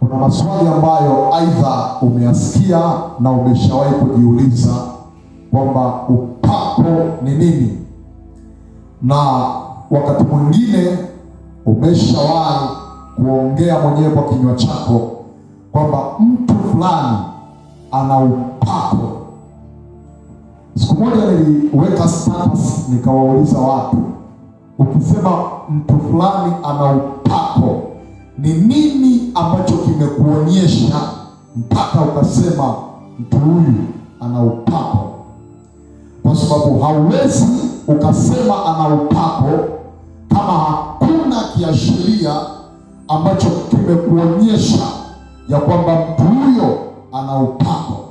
Kuna maswali ambayo aidha umeyasikia na umeshawahi kujiuliza kwamba upako ni nini, na wakati mwingine umeshawahi kuongea mwenyewe kwa kinywa chako kwamba mtu fulani ana upako. Siku moja niliweka status nikawauliza watu, ukisema mtu fulani ana upako ni nini ambacho kimekuonyesha mpaka ukasema mtu huyu ana upako? Kwa sababu hauwezi ukasema ana upako kama hakuna kiashiria ambacho kimekuonyesha ya kwamba mtu huyo ana upako.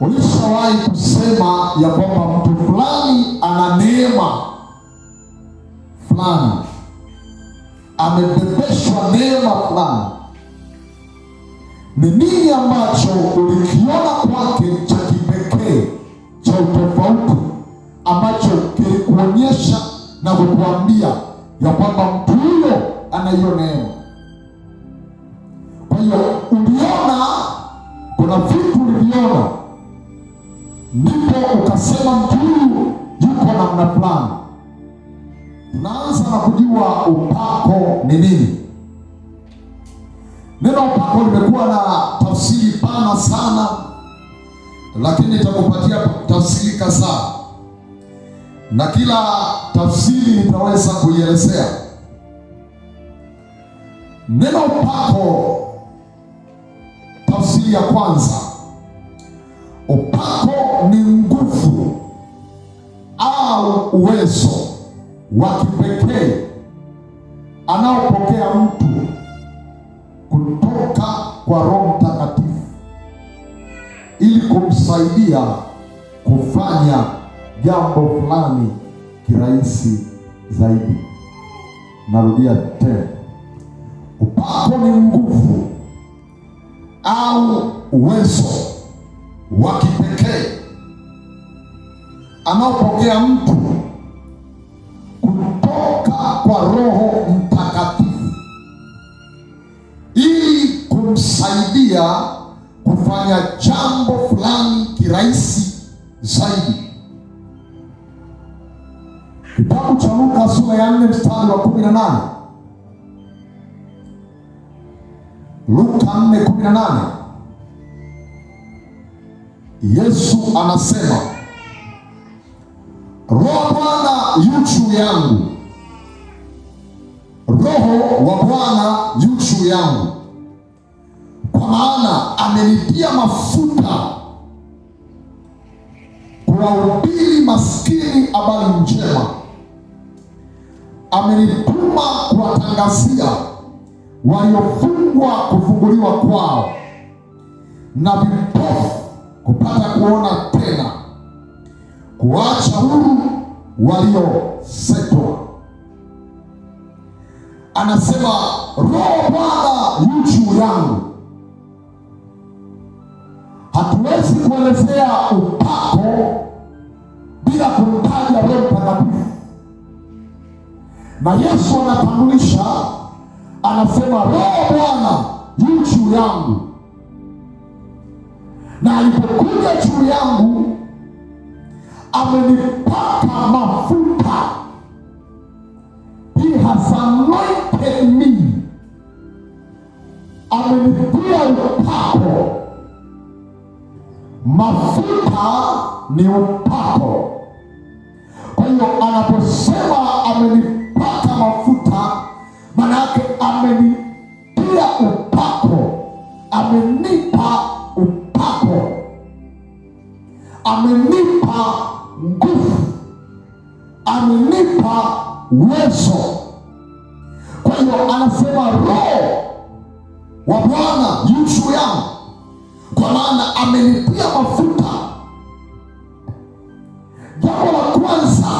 Ulishawahi kusema ya kwamba mtu fulani ana neema fulani amepepeshwa neema fulani. Ni nini ambacho ulikiona kwake cha kipekee cha utofauti ambacho kilikuonyesha na kukuambia ya kwamba mtu huyo anaiyo neema? Kwa hiyo uliona, kuna vitu uliviona, ndipo ukasema mtu huyu yuko namna fulani naanza na kujua upako ni nini. Neno upako limekuwa na tafsiri pana sana, lakini nitakupatia tafsiri kadhaa, na kila tafsiri nitaweza kuielezea. Neno upako, tafsiri ya kwanza, upako ni nguvu au uwezo wa kipekee anaopokea mtu kutoka kwa Roho Mtakatifu ili kumsaidia kufanya jambo fulani kirahisi zaidi. Narudia tena, upako ni nguvu au uwezo wa kipekee anaopokea mtu kutoka kwa Roho Mtakatifu ili kumsaidia kufanya jambo fulani kirahisi zaidi. Kitabu cha Luka sura ya 4 mstari wa 18. Luka 4:18. Yesu anasema, Roho Bwana yu juu yangu Roho wa Bwana yu juu yangu, kwa maana amenitia mafuta kuwahubiri maskini habari njema, amenituma kuwatangazia waliofungwa kufunguliwa kwao na vipofu kupata kuona tena, kuacha huru walio anasema Roho Bwana yu juu yangu. Hatuwezi kuelezea upako bila kumtaja Roho Mtakatifu, na Yesu anatambulisha, anasema Roho Bwana yu juu yangu, na alipokuja juu yangu amenipaka mafuta has anointed me, amenitia upako. Mafuta ni upako. Kwa hiyo anaposema amenipaka mafuta, maana yake amenitia upako, amenipa upako, amenipa nguvu, amenipa uwezo kwa hiyo anasema roho wa Bwana yushu yangu, kwa maana amenipia mafuta. Jambo la kwanza,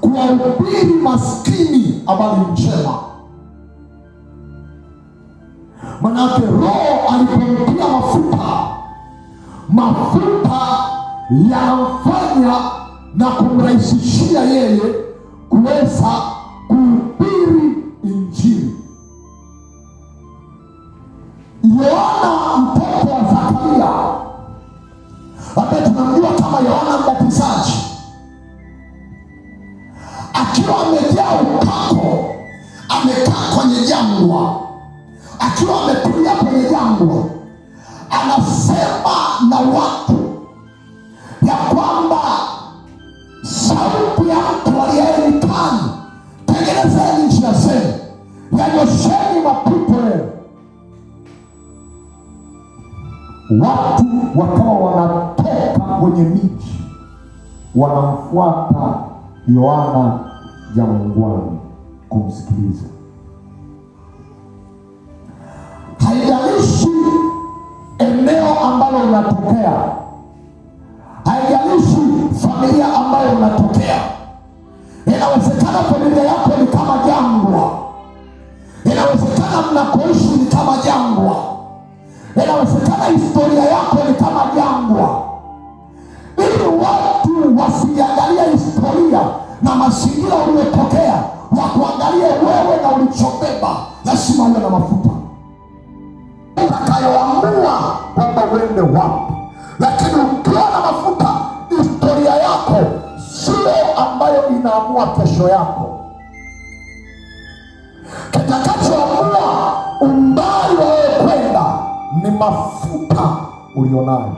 kuwahubiri maskini habari njema. Manake roho alipompia mafuta, mafuta yanamfanya na kumrahisishia yeye kuweza kuhubiri Injili. Yohana mtoto wa Zakaria ambaye tunamjua kama Yohana Mbatizaji akiwa amejaa upako, amekaa kwenye jangwa, akiwa ametulia kwenye jangwa, anasema na watu ya kwamba sauti ya mtu aliyelikani, tengenezeni Onesheni mapito leo, watu wakawa wanateka kwenye miji, wanamfuata Yohana jangwani kumsikiliza. Haijalishi eneo ambalo unatokea, haijalishi familia ambayo unatokea, inawezekana familia yako maana mnapoishi ni kama jangwa, yanayofuatana historia yako ni kama jangwa, ili watu wasiangalia historia na mazingira uliyotokea, wakuangalie wewe na ulichobeba. Lazima uwe na mafuta utakayoamua kwamba uende wapi, lakini ukiwa na mafuta, historia yako sio ambayo inaamua kesho yako kitakachoamua umbali wa wewe kwenda ni mafuta ulionayo.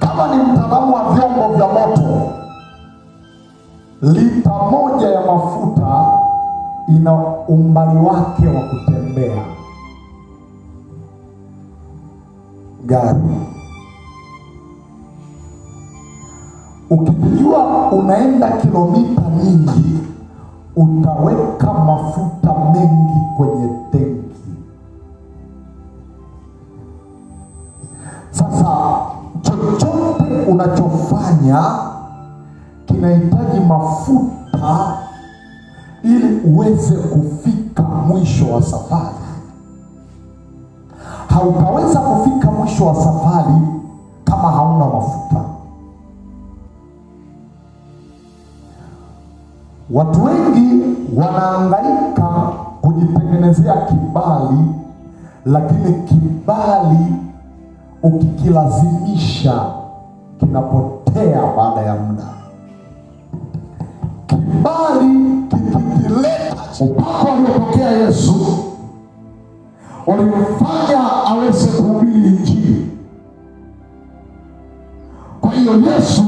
Kama ni mtaalamu wa vyombo vya moto, lita moja ya mafuta ina umbali wake wa kutembea gari. Ukijua unaenda kilomita nyingi, utaweka mafuta mengi kwenye tenki. Sasa chochote unachofanya kinahitaji mafuta ili uweze kufika mwisho wa safari. Hautaweza kufika mwisho wa safari kama hauna mafuta. Watu wengi wanaangaika kujitengenezea kibali, lakini kibali ukikilazimisha kinapotea baada ya muda. Kibali kikikileta upako aliopokea Yesu ulimfanya aweze kuhubiri Injili. Kwa hiyo Yesu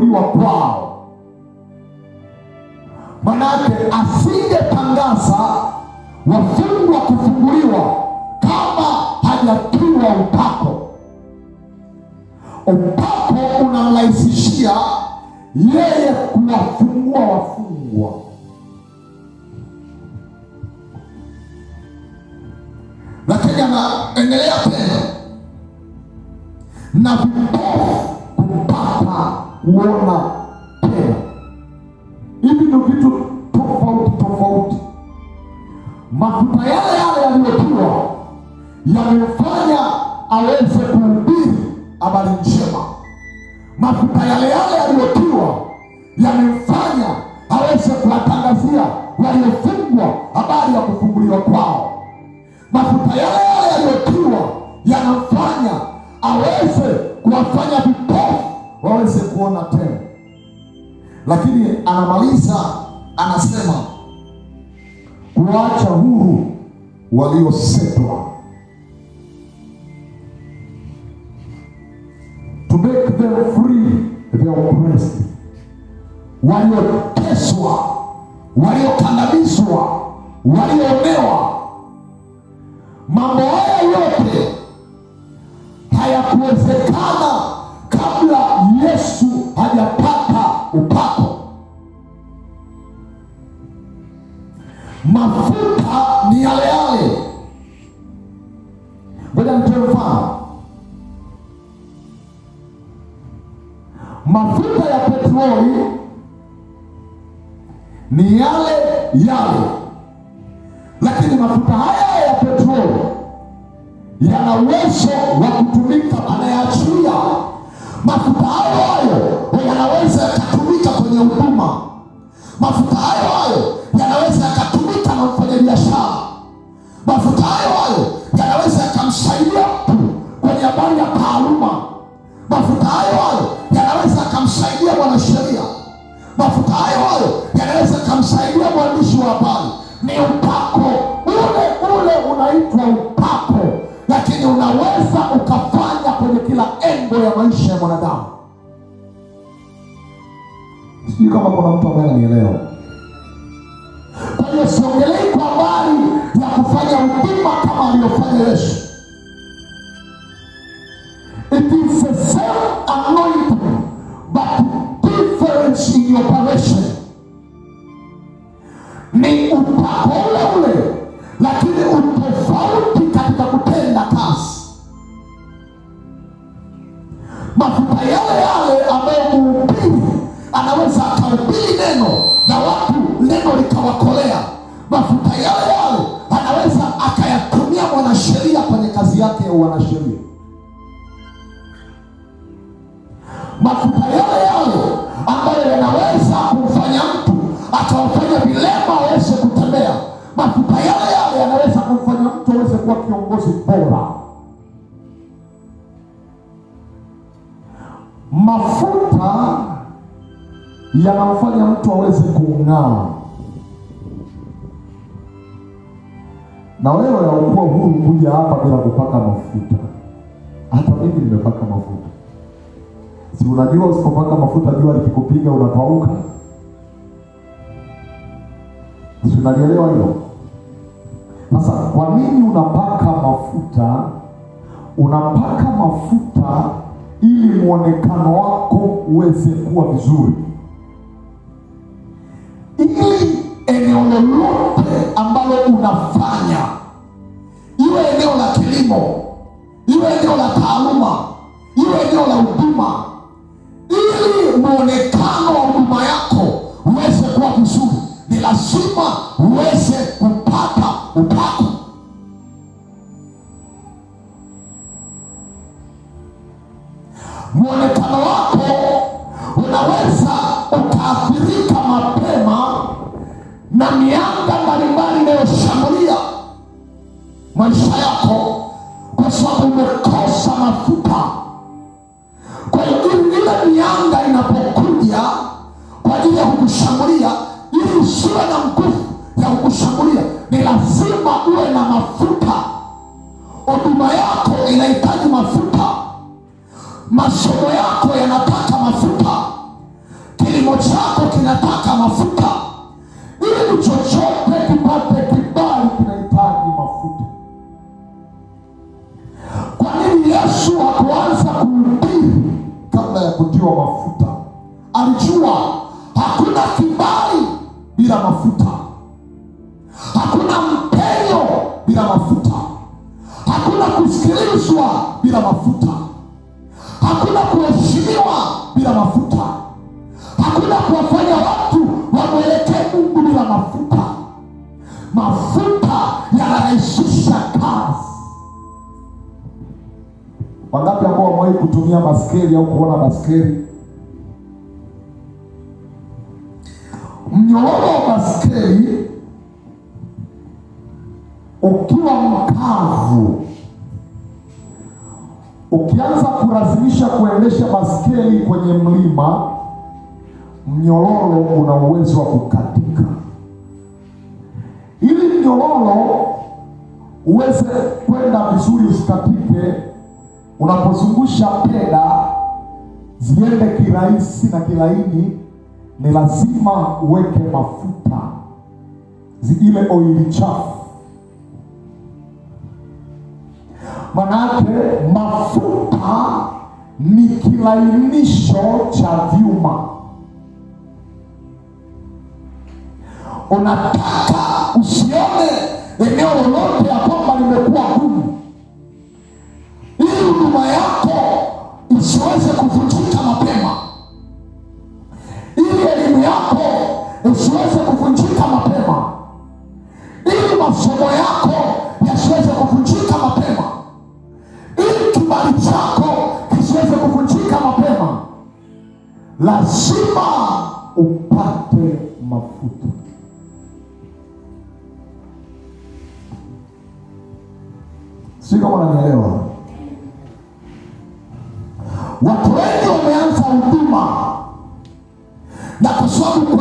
kufunguliwa kwao. Manake asingetangaza wafungwa kufunguliwa kama hajatiwa upako. Upako unamrahisishia yeye kuwafungua wafungwa. Lakini anaendelea tena na vipofu kupata kuona tena. Hivi ndio vitu tofauti tofauti. Mafuta yale yale yaliyotiwa yamefanya aweze kuhubiri habari njema. Mafuta yale yale yaliyotiwa yamefanya aweze kuwatangazia waliofungwa habari ya kufunguliwa kwao. Mafuta yale yale yaliyotiwa yanafanya aweze kuwafanya vipofu waweze kuona tena. Lakini anamaliza anasema, kuwaacha huru waliosetwa, to make them free the oppressed, walioteswa, waliokandamizwa, walioonewa mambo haya yote hayakuwezekana kabla Yesu hajapata upako. Mafuta ni yale yale. Ngoja nitoe mfano. Mafuta ya petroli ni yale yale, lakini mafuta haya ya petroli yana uwezo wa kutumika, anayeachilia mafuta hayo hayo yanaweza yakatumika kwenye huduma. Mafuta hayo hayo yanaweza yakatumika na mfanyabiashara. Mafuta hayo hayo yanaweza yakamsaidia mtu kwenye habari ya taaluma. Mafuta hayo hayo yanaweza yakamsaidia mwanasheria. Mafuta hayo hayo yanaweza yakamsaidia mwandishi wa habari. Ni upako ule ule unaitwa upako lakini unaweza ukafanya kwenye kila engo ya maisha ya mwanadamu. Sijui kama kuna mtu ambaye ananielewa. Kwa hiyo siongelei kwa habari ya kufanya huduma kama aliyofanya Yesu. It is the same anointing but difference in operation. Ni upako ule ule, lakini utofauti katika mafuta yale yale ambayo mhubiri anaweza akahubiri neno na watu neno likawakolea, mafuta yale yale anaweza akayatumia mwanasheria kwenye kazi yake ya wanasheria yanamfanya mtu aweze kung'aa. Na wewe haukuwa huru kuja hapa bila kupaka mafuta. Hata mimi nimepaka mafuta. Si unajua usipopaka mafuta jua likikupiga unapauka? Si unanielewa hiyo? Sasa kwa nini unapaka mafuta? Unapaka mafuta ili muonekano wako uweze kuwa vizuri. eneo lolote ambalo unafanya, iwe eneo la kilimo, iwe eneo la taaluma, iwe eneo la huduma, ili mwonekano wa huduma yako uweze kuwa vizuri, ni lazima uweze kupata upako. Mwonekano wako unaweza maisha yako, kwa sababu umekosa mafuta. Kwa hiyo ile mianga inapokuja kwa ajili ya kukushambulia, ili usiwe na nguvu ya kukushambulia, ni lazima uwe na mafuta. Huduma yako inahitaji mafuta, masomo yako yanataka mafuta, kilimo chako kinataka mafuta, ili chochote kutiwa mafuta. Alijua hakuna kibali bila mafuta, hakuna mpenyo bila mafuta, hakuna kusikilizwa bila mafuta, hakuna kuheshimiwa bila mafuta, hakuna kuwafanya watu wamwelekee Mungu bila mafuta. Mafuta yanarahisisha kazi. Wangapi umewahi kutumia baskeli au kuona baskeli? Mnyororo wa baskeli ukiwa mkavu, ukianza kulazimisha kuendesha baskeli kwenye mlima, mnyororo una uwezo wa kukatika. Ili mnyororo uweze kwenda vizuri, usikatike Unapozungusha peda ziende kirahisi na kilaini, ni lazima uweke mafuta, ziile oili chafu. Manake mafuta ni kilainisho cha vyuma. Unataka usione eneo lolote ya kwamba limekuwa gumu huduma yako isiweze kuvunjika mapema, ili elimu yako isiweze kuvunjika mapema, ili masomo yako yasiweze kuvunjika mapema, ili kibali chako kisiweze kuvunjika mapema. Lazima upate mafuta. Sio kama unanielewa?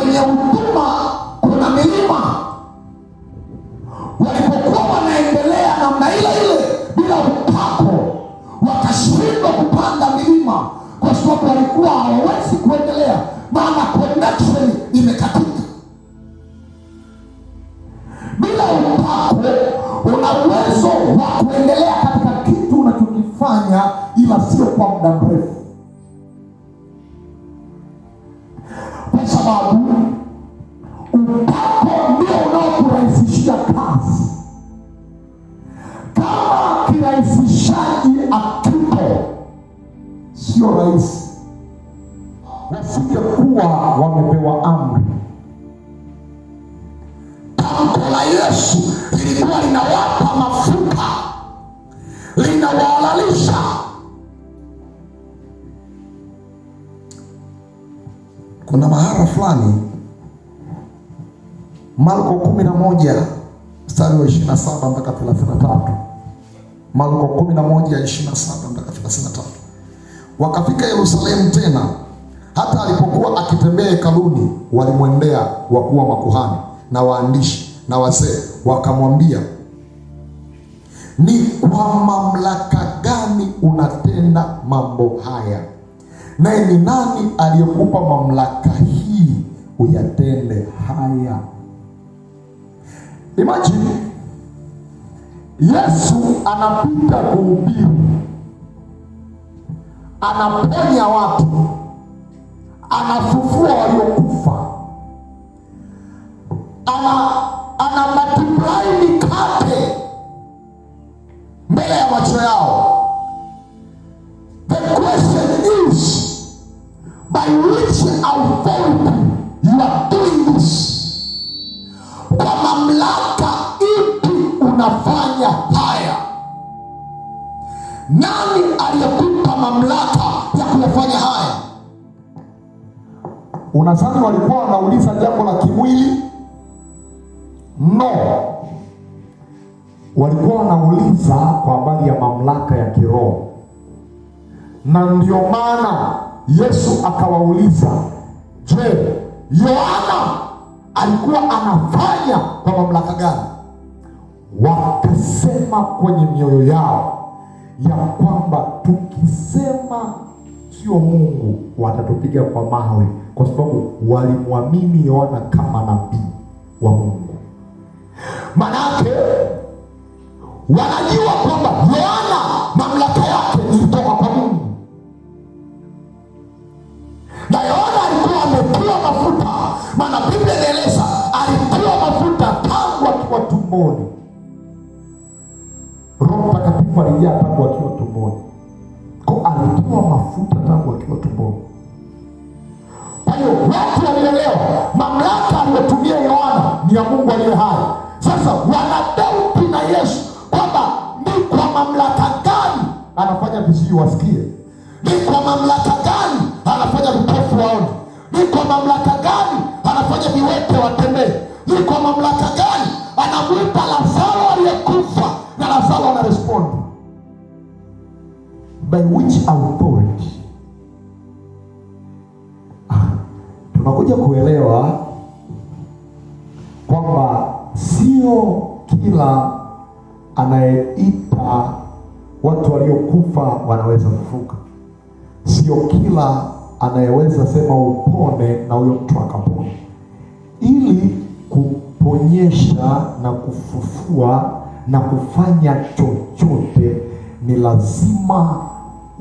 ajili ya huduma, kuna milima walipokuwa wanaendelea namna ile ile bila upako, wakashindwa kupanda milima kwa sababu walikuwa hawawezi kuendelea, maana connection imekatika. Bila upako una uwezo wa kuendelea katika kitu unachokifanya, ila sio kwa muda mrefu kwa sababu Mkako ndio unaokurahisishia kazi. Kama kirahisishaji akipo, sio rahisi, wasingekuwa wamepewa amri. Tamko la Yesu lilikuwa linawapa mafuta, linawahalalisha kuna mahara fulani Marko 11 mstari wa 27 mpaka 33. Marko 11:27 mpaka 33. Wakafika Yerusalemu tena, hata alipokuwa akitembea hekaluni, walimwendea wakuu wa makuhani na waandishi na wazee, wakamwambia, ni kwa mamlaka gani unatenda mambo haya? Naye ni nani aliyekupa mamlaka hii uyatende haya? Imagine Yesu anapita kuhubiri, anaponya watu, anafufua waliokufa, ana ana multiply mikate mbele ya macho yao Nani aliyekupa mamlaka ya kuyafanya haya? unazani walikuwa wanauliza jambo la kimwili? No, walikuwa wanauliza kwa habari ya mamlaka ya kiroho, na ndio maana Yesu akawauliza, je, Yohana alikuwa anafanya kwa mamlaka gani? Wakasema kwenye mioyo yao ya kwamba tukisema sio Mungu watatupiga kwa mawe, kwa sababu walimwamini Yohana kama nabii wa Mungu. Manake wanajua kwamba Yohana mamlaka yake ilitoka kwa Mungu, na Yohana alikuwa amepewa mafuta, maana Biblia inaeleza alipewa mafuta tangu akiwa tumboni Yusufu aliingia tangu akiwa tumboni, kwa alitoa mafuta tangu akiwa tumboni. Kwa hiyo watu walielewa mamlaka aliyotumia Yohana ni ya Mungu aliye hai. Sasa wanadauti na Yesu kwamba ni kwa mamlaka gani anafanya viziwi wasikie? Ni kwa mamlaka gani anafanya vipofu waone? Ni kwa mamlaka gani anafanya viwete watembee? Ni kwa mamlaka gani anamuita by which authority. Ah, tunakuja kuelewa kwamba sio kila anayeita watu waliokufa wanaweza kufuka, sio kila anayeweza sema upone na huyo mtu akapone. Ili kuponyesha na kufufua na kufanya chochote ni lazima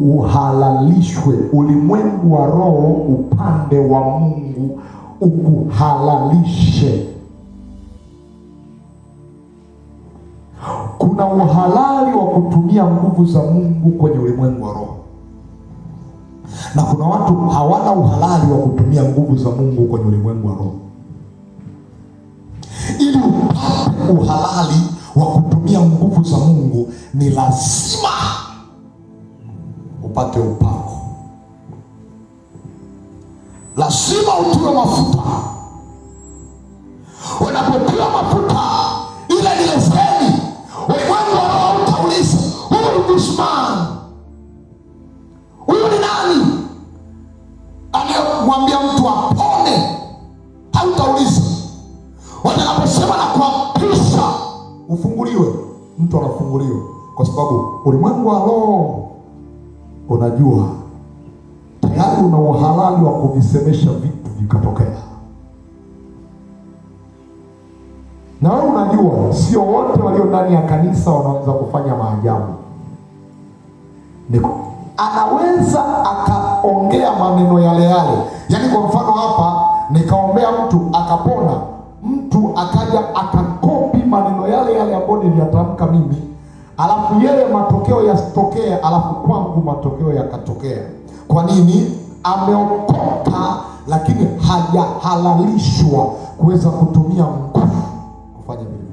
uhalalishwe, ulimwengu wa roho upande wa Mungu ukuhalalishe. Kuna uhalali wa kutumia nguvu za Mungu kwenye ulimwengu wa roho, na kuna watu hawana uhalali wa kutumia nguvu za Mungu kwenye ulimwengu wa roho. Ili upate uhalali wa kutumia nguvu za Mungu ni lazima upate upako, lazima utiwe mafuta. Unapotiwa mafuta, ile ni leseni ulimwengu wanaouliza, huyu ni Guzman, huyu ni nani? Anayemwambia mtu apone, hautauliza. Watakaposema na kuapisha ufunguliwe, mtu anafunguliwa, kwa sababu ulimwengu wa roho unajua tayari una uhalali wa kuvisemesha vitu vikatokea, na wewe unajua sio wote walio ndani ya kanisa wanaweza kufanya maajabu. Niko anaweza akaongea maneno yale yale, yaani kwa mfano hapa nikaombea mtu akapona, mtu akaja akakopi maneno yale yale ambayo niliyatamka mimi alafu yeye matokeo yasitokee, alafu kwangu matokeo yakatokea. Kwa nini? Ameokoka lakini hajahalalishwa kuweza kutumia nguvu kufanya vile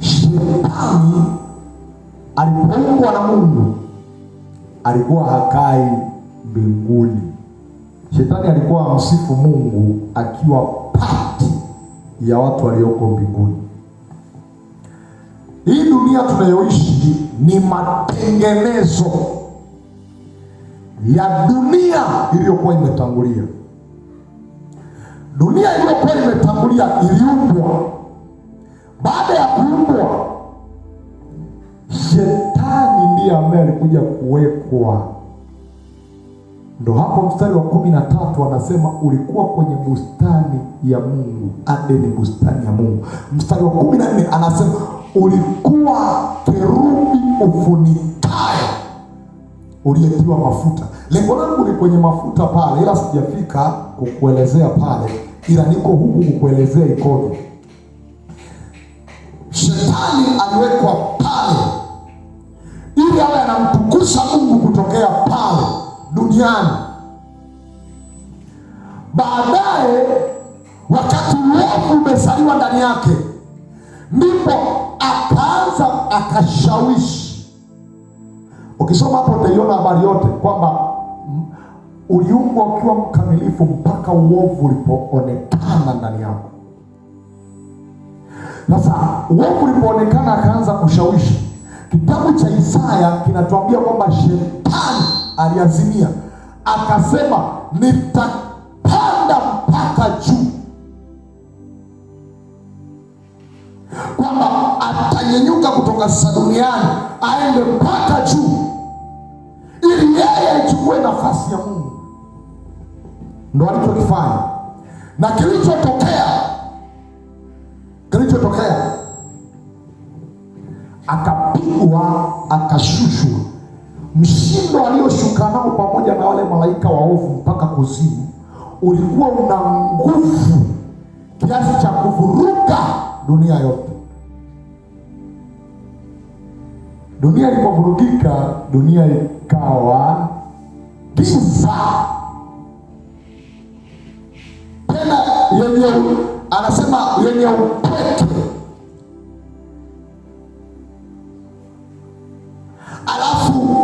Shetani alipoungwa na Mungu alikuwa hakai mbinguni. Shetani alikuwa amsifu Mungu akiwa pati ya watu walioko mbinguni. Hii dunia tunayoishi ni matengenezo ya dunia iliyokuwa imetangulia. Dunia iliyokuwa imetangulia iliumbwa. Baada ya kuumbwa, shetani ndiye ambaye alikuja kuwekwa. Ndo hapo mstari wa kumi na tatu anasema ulikuwa kwenye bustani ya Mungu, Adeni, bustani ya Mungu. Mstari wa kumi na nne anasema ulikuwa kerubi ufunikayo uliyetiwa mafuta. Lengo langu ni kwenye mafuta pale, ila sijafika kukuelezea pale, ila niko huku kukuelezea ikoje. Shetani aliwekwa pale ili awe anamtukusa Mungu kutokea pale duniani. Baadaye wakati uovu umezaliwa ndani yake, ndipo hata akashawishi. Ukisoma hapo utaiona habari yote kwamba uliumbwa ukiwa mkamilifu mpaka uovu ulipoonekana ndani yako. Sasa uovu ulipoonekana, akaanza kushawishi. Kitabu cha Isaya kinatuambia kwamba shetani aliazimia akasema, nitapanda mpaka juu kwamba atanyenyuka kutoka sasa duniani aende mpaka juu ili yeye aichukue nafasi ya Mungu. Ndo alichokifanya na kilichotokea, kilichotokea akapigwa, akashushwa. Mshindo alioshuka nao pamoja na wale malaika waovu mpaka kuzimu ulikuwa una nguvu kiasi cha kuvuruga dunia yote. Dunia ilipovurugika, dunia ikawa giza tena yenye, anasema yenye upweke. Alafu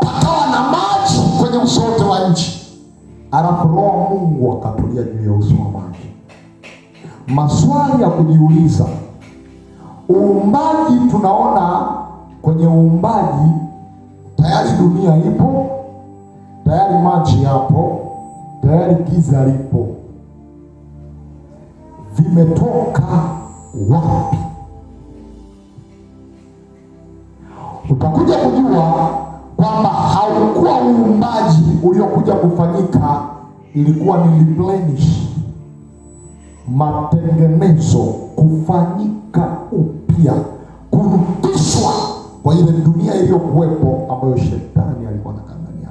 pakawa na maji kwenye uso wote wa nchi, alafu Roho Mungu akatulia juu ya uso wa maji maswali ya kujiuliza. Uumbaji, tunaona kwenye uumbaji tayari dunia ipo, tayari maji yapo, tayari giza lipo, vimetoka wapi? Utakuja kujua kwamba haukuwa uumbaji uliokuja kufanyika, ilikuwa ni replenish matengenezo, kufanyika upya, kurudishwa kwa ile dunia iliyokuwepo ambayo shetani alikuwa anakangania.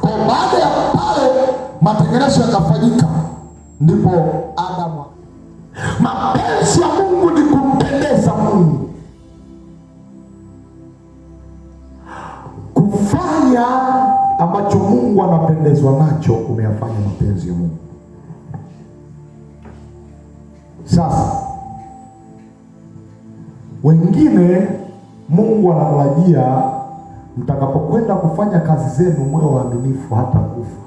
Kwa baada ya pale matengenezo yakafanyika, ndipo Adamu. Mapenzi ya Mungu ni kumpendeza Mungu, kufanya ambacho Mungu anapendezwa nacho, umeyafanya mapenzi ya Mungu. Sasa wengine, Mungu anatarajia mtakapokwenda kufanya kazi zenu mwe waaminifu hata kufa.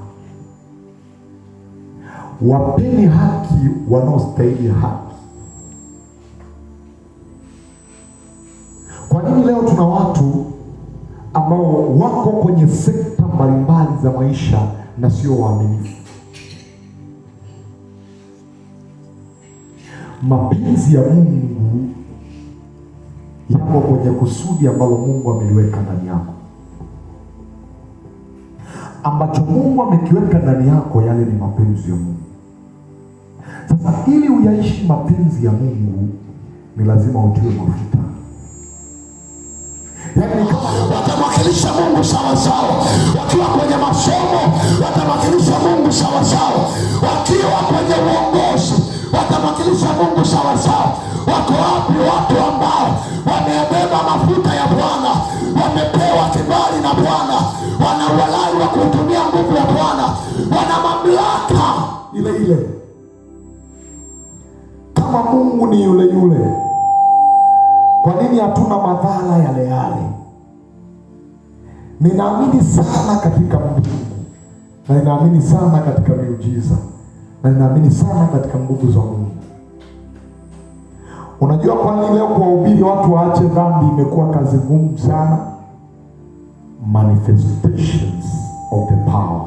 Wapeni haki wanaostahili haki. Kwa nini leo tuna watu ambao wako kwenye sekta mbalimbali za maisha na sio waaminifu. Mapenzi ya Mungu yako kwenye kusudi ambalo Mungu ameliweka ndani yako, ambacho Mungu amekiweka ndani yako, yale ni mapenzi ya Mungu. Sasa ili uyaishi mapenzi ya Mungu ni lazima utiwe mafuta watamwakilisha Mungu sawasawa, wakiwa kwenye masomo watamwakilisha Mungu sawasawa, wakiwa kwenye uongozi watamwakilisha Mungu sawasawa. Wako wapi watu ambao wamebeba mafuta ya Bwana, wamepewa kibali na Bwana, wana uhalali wa kutumia nguvu ya Bwana, wana mamlaka ile ile kama Mungu ni yule yule kwa nini hatuna madhara yale yale? Ninaamini sana katika Mungu na ninaamini sana katika miujiza na ninaamini sana katika nguvu za Mungu. Unajua kwa nini leo kuwahubiri watu waache dhambi imekuwa kazi ngumu sana? Manifestations of the power,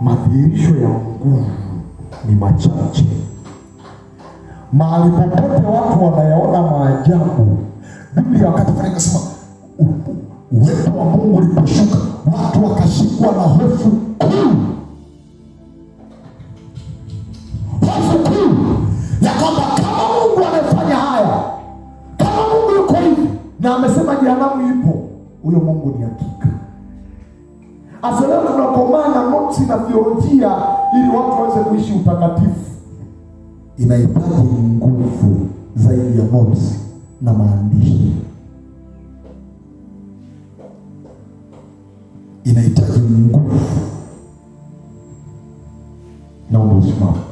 madhihirisho ya nguvu ni machache mahali popote watu wanayaona maajabu. Biblia wakati fulani ikasema uwepo wa Mungu uliposhuka watu wakashikwa na hofu kuu, hofu kuu ya kwamba kama Mungu amefanya haya, kama Mungu yuko hivi na amesema jehanamu ipo, huyo Mungu ni hakika. Asaleo tunakomana notsi na theolojia ili watu waweze kuishi utakatifu inahitaji nguvu zaidi ya notes na maandishi, inahitaji nguvu. Naomba usimame.